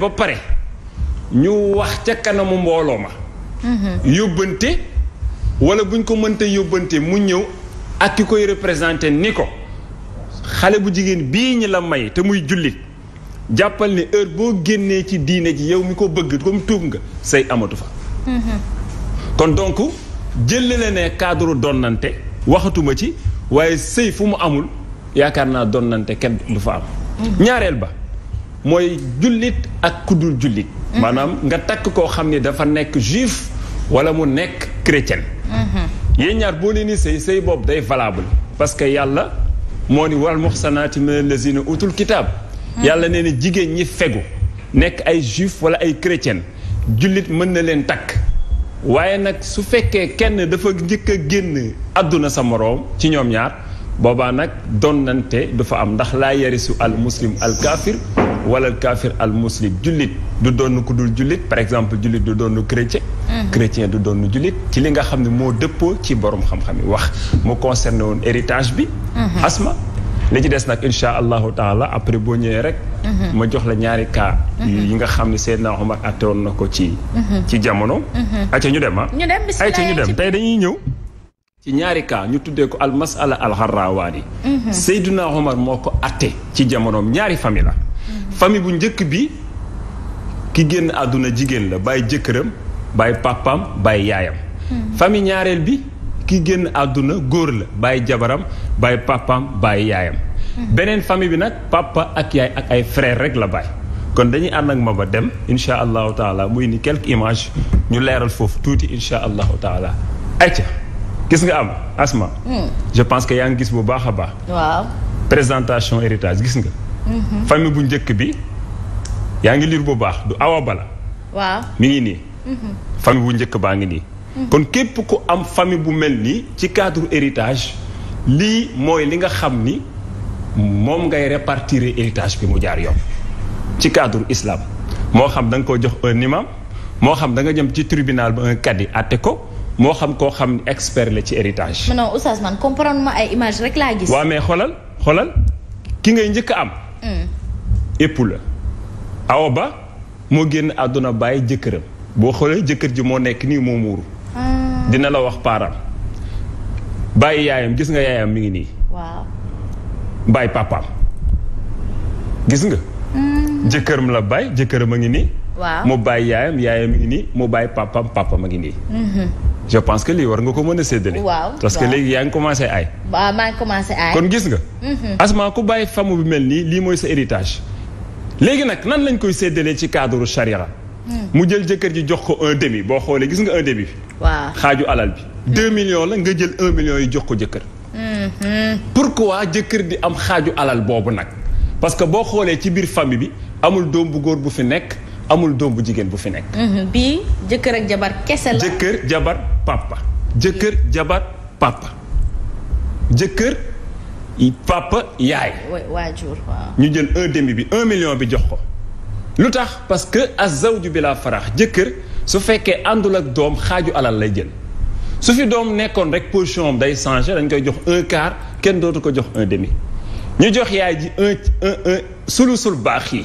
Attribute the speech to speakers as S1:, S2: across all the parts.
S1: ba pare ñu wax ca kanamu mbooloo ma mhm. yóbbante wala buñ ko mënta yóbbante mu ñëw ak ki koy représenté ni ko xale bu jigéen bii ñi la may te muy jullit jàppal ne heure boo génnee ci diine ji yow mi ko bëgg comme tuub nga say amatu fa mhm. kon donc jël la ne cadre donnante waxatuma ci waaye sëy fu mu amul yaakaar naa donnante kenn du fa am mhm. ñaareel ba mooy jullit ak kuddul jullit mm-hmm. maanaam nga takk koo xam ni dafa nekk juif wala mu nekk chrétien mm-hmm. yéen ñaar boo leen ni sëy sëy boobu day valable parce que yàlla moo ni wal muxsanaati mina lazina utul kitaab mm-hmm. yàlla nee na jigéen ñi fegu nekk ay juif wala ay chrétien jullit mën na leen takk waaye nag su fekkee kenn dafa njëkk a génn àdduna sa moroom ci ñoom ñaar boobaa nag donnante du fa am ndax laa yarisu al muslim al kaafir walal kafir al muslim Julit, du doon ku dul julit par exemple du doon chrétien. Mhm. chrétien du doon julit ci li nga xamni mo ci borom xam wax héritage bi. Mhm. asma li ci dess nak incha c'est taala après bo ñëwee rek. Mhm. ma jox la ñaari yi nga atte na ci. ci jamono. ñu dem ñu ah. ñu dem dañuy ci ñaari cas ñu al masala al Omar moko ci ñaari famille famille bu njëkk bi ki génn àdduna jigéen la bàyyi jëkkëram bàyyi papaam bàyyi yaayam hmm. famille ñaareel bi ki génn àdduna góor la bàyyi jabaram bàyyi papaam bàyyi yaayam hmm. beneen famille bi nag papa ak yaay ak ay frère rek la bàyyi kon dañuy ànd ak ma ba dem insha allahu taala muy ni quelques images ñu leeral foofu tuuti insha allahu taala ayca gis nga am asma hmm. je pense que yaa ngi gis bu baax a baax waaw présentation héritage gis nga Mm-hmm. famille bu njëkk bi yaa ngi liir bu baax du awa bala waaw mi ngi nii mm-hmm. famille bu njëkk baa ngi nii mm-hmm. kon képp ku am famille bu mel nii ci cadre héritage lii mooy li nga xam ni moom ngay répartir héritage bi mu jaar yoon ci cadre islam moo xam da nga ko jox un imam moo xam da nga jëm ci tribunal ba un cadi àtte ko moo xam koo xam expert la ci héritage.
S2: non oustaz man comprendre ma ay image rek laa gis. waaw
S1: mais xoolal xoolal ki ngay njëkk am. époux la Awa Ba moo génn àdduna bàyyi jëkkëram boo xoolee jëkkër ji moo nekk nii moom muuru ah. dina la wax paaram bàyyi yaayam gis nga yaayam mi ngi nii waaw bàyyi papaam gis nga mm. jëkkëram la bàyyi jëkkëram a ngi nii waaw mu bàyyi yaayam yaayam mi ngi nii mu bàyyi papaam papaam a ngi nii mm-hmm. je pense que lii war nga ko mën a séddale. waaw parce que léegi yaa ngi commencé ay
S2: waaw maa ngi commencé kon gis nga. Mhm.
S1: asma ku bàyyi famu bi mel nii lii mooy sa héritage. léegi nag nan lañ koy séddalee ci cadre charia. Hmm. mu jël jëkkër ji jox ko un demi boo xoolee gis nga un demi. waaw xaaju alal bi. Hmm. deux millions la nga jël un million yi jox ko jëkkër. Mhm. pourquoi jëkkër di am xaaju alal boobu nag. parce que boo xoolee ci biir famille bi amul doom bu góor bu fi nekk. amul doom bu jigéen bu fi nekk.
S2: Mhm, bii jëkkër ak jabar kese la.
S1: jabar papa. jëkkër jabar papa. jëkkër papa yaay. waajur ñu jël un demi bi un million bi jox ko. parce que à bi la farax jëkkër su fekkee àndul ak doom xaaju alal lay jël. su fi doom nekkoon rek position am day changé dañ koy jox un quart kenn dootu ko jox un demi. ñu jox yaay ji un un un sulusul baax yi.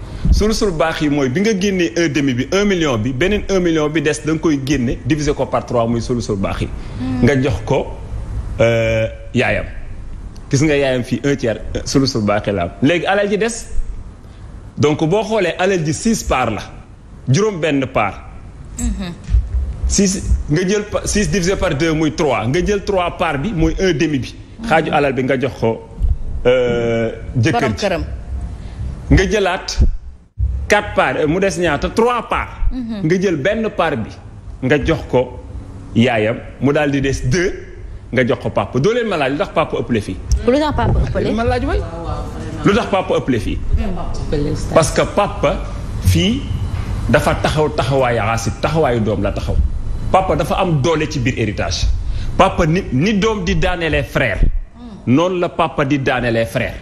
S1: sulusul baax yi mooy bi nga génnee un demi bi un million bi beneen un million bi des da nga koy génne diviser ko par trois muy sulusul baax yi. Hmm. nga jox ko euh, yaayam. gis nga yaayam fii un tiers euh, sulusul baax yi léegi alal ji des donc boo xoolee alal ji six parts la juróom-benn part. Mm-hmm. six nga jël six divisé par deux muy trois nga jël trois part bi muy un demi bi. Mm-hmm. xaaju alal bi nga jox ko euh, jëkkër ji nga jëlaat. quatre parts euh, mu des ñaata trois parts. Mhm. nga jël benn part bi nga jox ko yaayam mu daal di des deux nga jox ko papa doo leen ma laaj lu tax papa ëppale fii. ma laaj way lu tax papa ëppale fii. parce que papa fii dafa taxaw taxawaayu aasib taxawaayu doom la taxaw. papa dafa am doole ci biir héritage papa ni ni doom di daanelee frère mm. noonu la papa di daanelee frère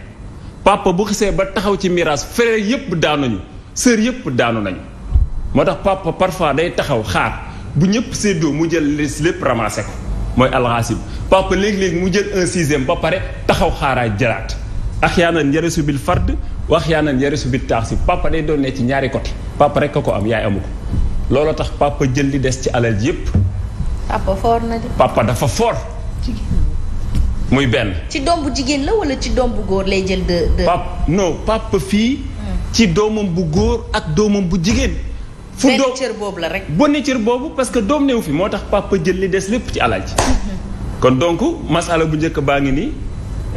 S1: papa bu xisee ba taxaw ci miraas frère yépp daanuñu. sœur yëpp daanu nañu moo tax papa parfois day taxaw xaar bu ñëpp séddoo mu jël lépp ramassé ko mooy alxaasib papa léegi-léegi mu jël un sixième ba pare taxaw xaaraay jëlaat axyaanan yarisu bil fard wa axyaanan yarisu bil si papa day doon ne ci ñaari côté papa rek a ko am yaay amu ko looloo tax papa jël li des ci alal yëpp
S2: papa fort na de.
S1: papa dafa fort. muy benn. ci doom bu jigéen la wala ci doom bu góor lay jël de de. pap non papa ci doomam bu góor ak doomam bu jigéen. fu doom cër boobu la rek. benn cër boobu parce que doom néew fii moo tax papa jël li des lépp ci alal ji. kon donc masala bu njëkk baa ngi nii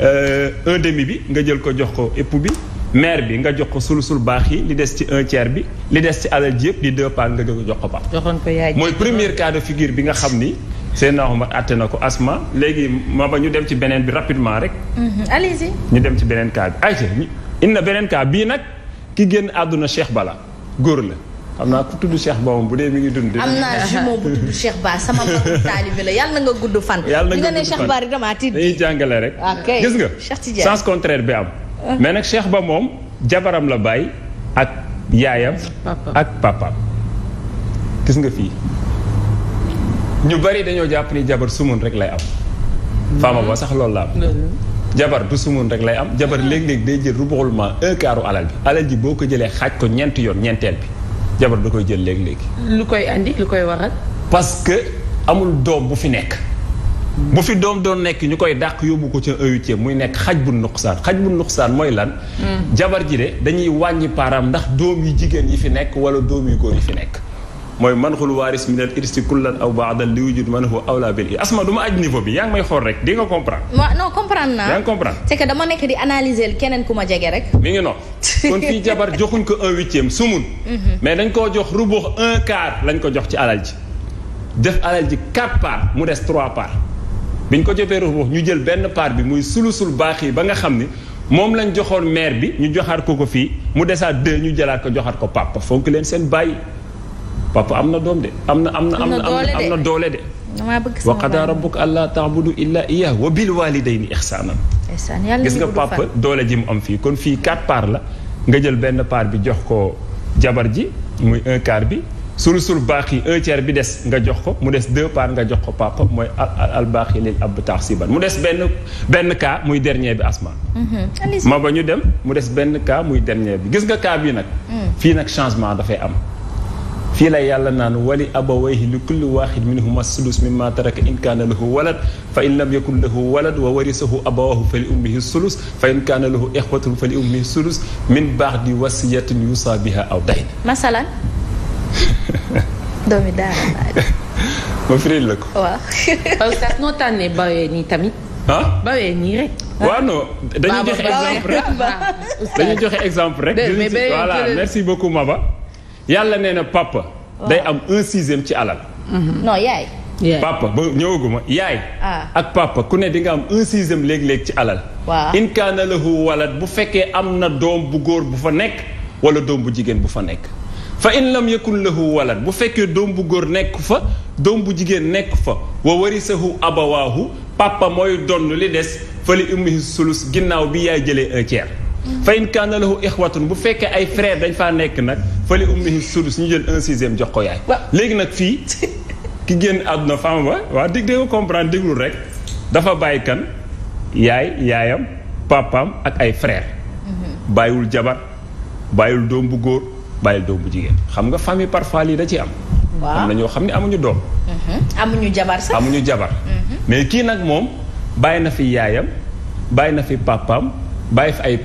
S1: euh, un demi bi nga jël ko jox ko époux bi maire bi nga jox ko sul sul baax yi li des ci un tiers bi li des ci alal ji yëpp di deux part nga jox ko papa. joxoon ko yaay mooy premier cas de figure bi nga xam ni. Seydina Omar àtte na ko asma léegi ma ba ñu dem ci beneen bi rapidement rek.
S2: Mm-hmm. allez ñu
S1: dem ci beneen cas ki génn àdduna Cheikh Bala góor la xam naa ku tudd Cheikh Ba moom bu dee mi ngi dund. am naa jumeau
S2: bu tudd Cheikh Ba sama mbokku taalibe la yàlla na nga gudd fan. yàlla na nga gudd fan Cheikh Ba rek
S1: damaa tiit. dañuy jàngale rek. gis nga. Cheikh Tidiane sens contraire bi am. Ah. mais nag Cheikh Ba moom jabaram la bàyyi ak yaayam. ak papaam gis nga fii ñu bari dañoo jàpp ni jabar sumun rek lay am. faama ba sax loolu la am. jabar du sumun rek lay am jabar mm-hmm. léeg-léeg day jël rubaxulment un quart alal bi alal ji boo ko jëlee xaaj ko ñeenti yoon ñeenteel bi jabar da koy jël léeg léegi
S3: lu koy indi lu koy waral
S1: parce que amul doom bu fi nekk bu fi doom doon nekk ñu koy dàq yóbbu ko ca un huitième muy nekk xaj bu nuqsaan xaj bu nuqsaan mooy lan mm. jabar ji de dañuy wàññi param ndax doom yi jigéen yi fi nekk wala doom yu góor yi fi nekk mooy manxul waaris minal irsi kullan aw baadal li wujud man huwa awla bil i asma du ma aj niveau bi yaa ngi may xool rek di nga comprendre.
S2: waaw non comprendre naa.
S1: yaa
S2: dama nekk di analyser keneen ku ma jege rek.
S1: mi ngi noonu kon fii jabar joxuñ ko un huitième mhm. mais dañ koo jox rubuux un quart lañ ko jox ci alal ji. def alal ji quatre parts mu des trois parts biñ ko jotee rubuux ñu jël benn paar bi muy sulusul baax yi ba nga xam ni. moom lañ joxoon maire bi ñu joxaat ko ko fii mu desaat deux ñu jëlaat ko joxaat ko papa fonk leen seen bàyyi. papa am na doom de am na am na am na am na doole de
S2: wa qada rabbuka
S1: allaa taabudu illa iyyah wa bil walidayni ihsaanan
S2: gis nga papa
S1: doole ji mu am fii kon fii quatre parts la nga jël benn part bi jox ko jabar ji muy un quart bi sulusul baax baqi un tiers bi dess nga jox ko mu dess deux parts nga jox ko papa moy al baqi lil ab taxsiban mu dess benn benn ka muy dernier bi asma ma ba ñu dem mu dess benn ka muy dernier bi gis nga ka bi nak fi nak changement da fay am في لا يالا نان ولي أبويه لكل واحد منهما السلوس مما ترك إن كان له ولد فإن لم يكن له ولد وورثه أبوه فلأمه السلوس فإن كان له إخوة فلأمه السلوس من بعد وصية يوصى بها أو دين
S3: مثلا دومي دار مفرين لك أستاذ نوتاني باوي نيتامي ها باوي نيري
S1: wano dañuy joxe exemple rek
S3: dañuy joxe exemple rek voilà
S1: merci beaucoup maba yàlla nee na papa. day am un sixième ci alal.
S2: Mhm. non yaay. papa
S1: ba ñëwaguma yaay. Ah. ak papa ku ne di am un sixième léeg-léeg ci alal. waaw in kaana lahu walad bu fekkee am na doom bu góor bu fa nekk wala doom bu jigéen bu fa nekk. fa in lam yakun lahu walad bu fekkee doom bu góor nekku fa doom bu jigéen nekk fa wa warisahu abawaahu papa mooy donn li des fa li ummihi sulus ginnaaw bi yaay jëlee un tiers. فإن كان له إخوة بفك أي فرد دفع نكنك فلأمه السدس نجل أن سيزم جقويا لكنك في كيجن أدنى فما با وديك ديو كومبران ديو رك دفع بايكن ياي يايم بابام أك أي فرد بايول جبر بايول دوم بغور بايول دوم بجيجن خمغا فامي بارفالي دي أم أم نيو خمني أم نيو دوم
S2: أم نيو جبر سا أم نيو
S1: جبر ملكي نك موم باينا في يايم باينا في بابام bayf ay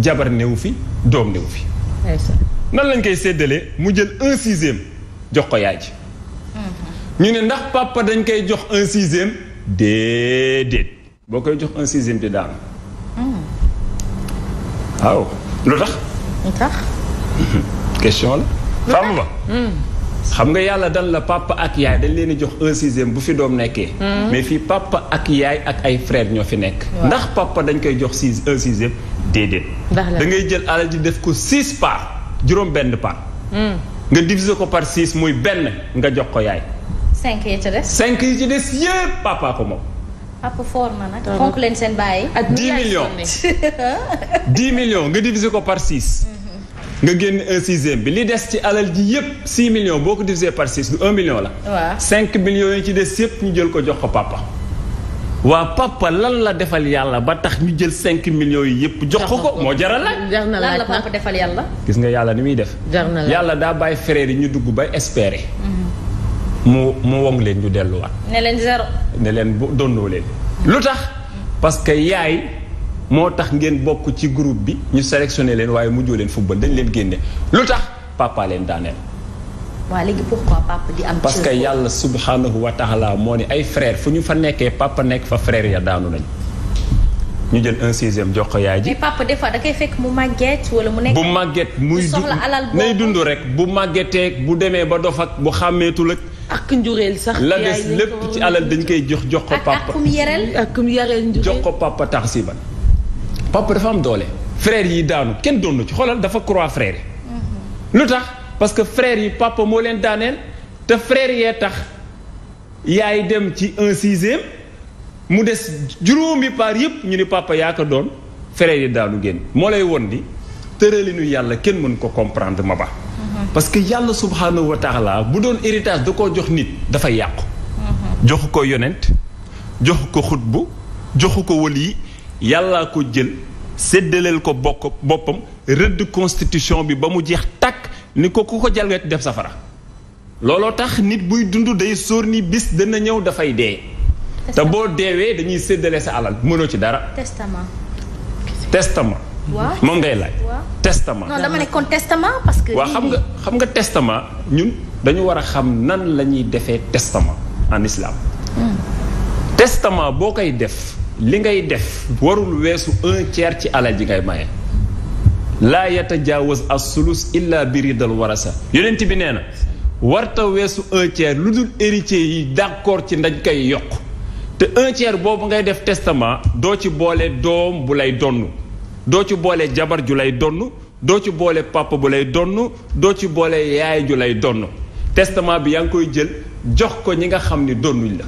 S1: jabar fi doom nan lañ un sixième jox ko yaay
S3: mhm.
S1: ñu ne ndax papa dañ un sixième déedéet boo koy jox un sixième di mhm. question la femme xam nga yàlla dan la papa ak yaay dañ leen jox un sixième bu fi hmm. mais fii papa ak yaay ak ay frère ñoo fi ndax papa dañ koy jox un sixième da ngay jël def ko six parts juróom benn part. Hmm. nga diviser ko par six muy benn nga jox ko yaay.
S2: cinq yi ci
S1: des. papa ko moom.
S2: papa fonk leen dix millions
S1: dix millions nga diviser ko par six. Hmm nga génn un sixième bi li des ci millions par 6 million millions yi ci ñu papa. waa papa lan la defal yàlla ba tax ñu jël 5 millions yi jox ko ko papa defal gis nga frère yi ñu dugg espérer. Mhm. wong leen ñu ne leen zéro. ne parce que yaay. moo tax ngeen bokk ci group bi ñu sélectionné leen waaye mu jóo leen football dañ leen génne lu tax papa leen daaneel.
S2: waaw léegi pourquoi papa di am. parce que
S1: yàlla subhanahu wa taala moo ne ay frère fu ñu fa nekkee papa nekk fa frère ya daanu nañ ñu jël un sixième jox ko yaay ji.
S2: mais papa des fois fekk mu màgget wala mu nekk. bu màgget
S1: muy soxla alal dund rek bu màggeteeg bu demee ba dof ak bu xàmmeetul ak.
S3: ak njureel sax. la des lépp ci
S1: alal dañ koy jox jox ko papa. ak ak kum yereel tax si ban. papa dafa am doole frère yi daanu kenn doon na ci xoolal dafa croix frère yi. Mhm. lu tax parce que frère yi papa moo leen daaneel te frère yee tax yaay dem ci un sixième mu des juróomi paar yëpp ñu ni papa yaa ko doon frère yi daanu génn moo lay won di tëralinu yàlla kenn mën ko comprendre ma ba mhm. parce que yàlla subhanahu wa taala bu doon héritage da koo jox nit dafa yàqu mhm. joxu ko yonent joxu ko xutbu joxu ko wël yi yàlla ko jël séddaleel ko bokk boppam rëdd constitution bi ba mu jeex tàkk ni ko ku ko jalgati def safara looloo tax nit buy dund day sóor ni bis dana ñëw dafay dee te boo deewee dañuy séddalee sa alal mënoo ci dara testament testament moom ngay laaj testament non dama ne
S2: kon testament parce que waaw xam nga
S1: xam nga testament ñun dañu war a xam nan la ñuy defee testament en islam hmm. testament boo koy def li ngay def warul weesu un ci alal ji ngay maye laa yatajawaz as sulus illa biridal warasa yonent bi nee na warta weesu un lu dul héritier yi d'accord ci ndañ kay yokk te un boobu ngay def testament doo ci boole doom bu lay donn doo ci boole jabar ju lay donn doo ci boole papa bu lay donn doo ci boole yaay ju lay donn testament bi yaa ngi koy jël jox ko ñi nga xam ni donnuñ la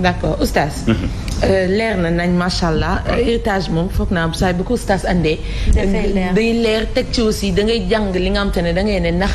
S3: d'accord oustaz mhm. Euh, leer na nañ macha allah ah. héritage moom foog naa saay bu ko stas andee day leer teg ci aussi da ngay jàng li nga xam te ne da ngay ne ndax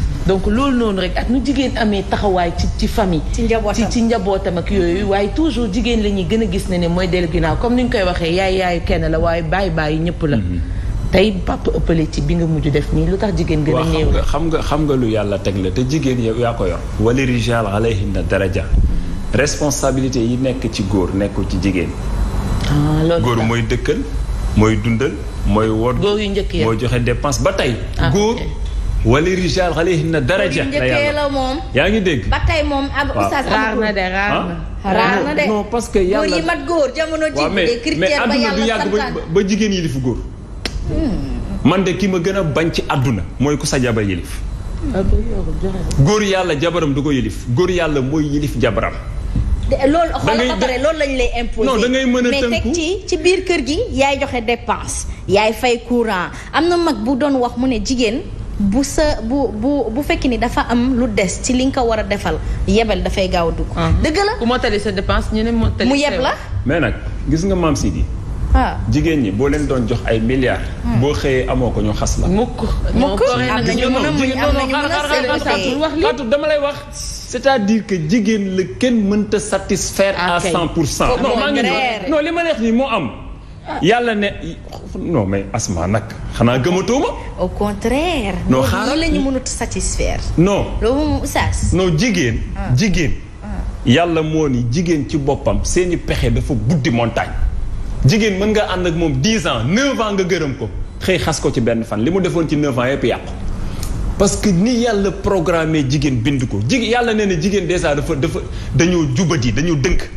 S3: donc loolu noonu rek ak nu jigéen amee taxawaay ci ci famille. ci njabootam ci njabootam ak yooyu mm-hmm. waaye toujours jigéen la ñuy gën a gis ne ne mooy dellu ginnaaw comme ni ñu koy waxee yaay yaayu kenn la waaye bàyyi baay ñëpp la. Mm-hmm. tey papa ëppale ci bi nga mujj def nii lu tax jigéen gën a néew.
S1: xam nga xam nga lu yàlla teg la te jigéen yow yaa ko yor. wali rijaal alayhinna daraja mm-hmm. responsabilité yi nekk ci góor nekkul ci jigéen. Ah, loolu góor mooy dëkkal mooy dundal mooy. góor yu njëkk mooy joxe dépense ba tey ah, wali rijal na daraja njëkkee la moom yaa ngi dégg
S2: ba tey moom ak oustaz raar na de raar ah? ah, na de non parce que yàlla góor yi mat góor jamono ji mais mais àdduna du yàgg
S1: ba jigéen yilifu góor hmm. man de ki ma gën a bañ ci àdduna mooy ku sa jabar yilif ah, góor yàlla jabaram du ko yilif góor yàlla mooy yilif jabaram
S2: loolu xoolal ba pare loolu lañ lay imposer da ngay mën a mais teg ci ci biir kër gi yaay joxe dépense yaay fay courant am na mag bu doon wax mu ne jigéen bu sa bu bu bu fekki ni dafa am lu des ci li nga ko war a defal yebel dafay gaaw a dugg. Ah.
S3: dëgg la ku mottali sa dépense ñu ne mu yeb la.
S1: mais nag gis nga maam Sidi. ah jigéen ñi boo leen doon jox ay milliards. Hmm. boo xëyee amoo ko ñu xas la. mukk mukk am na ñu mën a muñ am na ñu mën a dama lay wax. c'est-à-dire que jigéen la kenn mënta satisfaire à 100 ah, pour cent. non maa ngi ma neex nii moo am. yàlla ne non mais asma nag xanaa gëmatoo ma.
S2: au contraire. non xaaral loolu la ñu mënut satisfaire. non loolu
S1: jigéen. Ah. jigéen. Ah. yàlla moo ni jigéen ci boppam seeni pexe dafa buddi montagne. jigéen mën nga ànd ak moom dix ans neuf ans nga gërëm ko xëy xas ko ci benn fan li mu defoon ci neuf ans yëpp yàqu. parce que ni yàlla programmé jigéen bind ko jigéen yàlla nee na jigéen dèjà dafa dafa dañoo jubadi dañoo dënk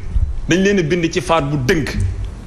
S1: dañ leen a bind ci faat bu dënk.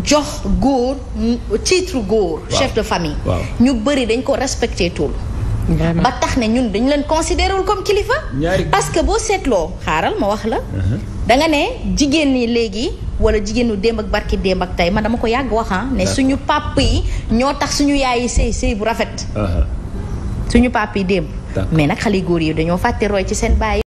S2: jox góor titre góor. chef de famille. ñu bëri dañ ko respecté tul ba tax ne ñun dañ leen considéré comme kilifa. parce que boo seetloo xaaral ma wax la. Uh-huh. da nga ne jigéen ñi léegi wala jigéenu démb ak barki démb ak tey man dama ko yàgg wax ah, ne suñu pàpp yi ñoo tax suñu yaay yi sëy sëy bu rafet. Uh-huh. suñu pàpp yi démb. mais nag xale góor yi dañoo fàtte roy ci seen baay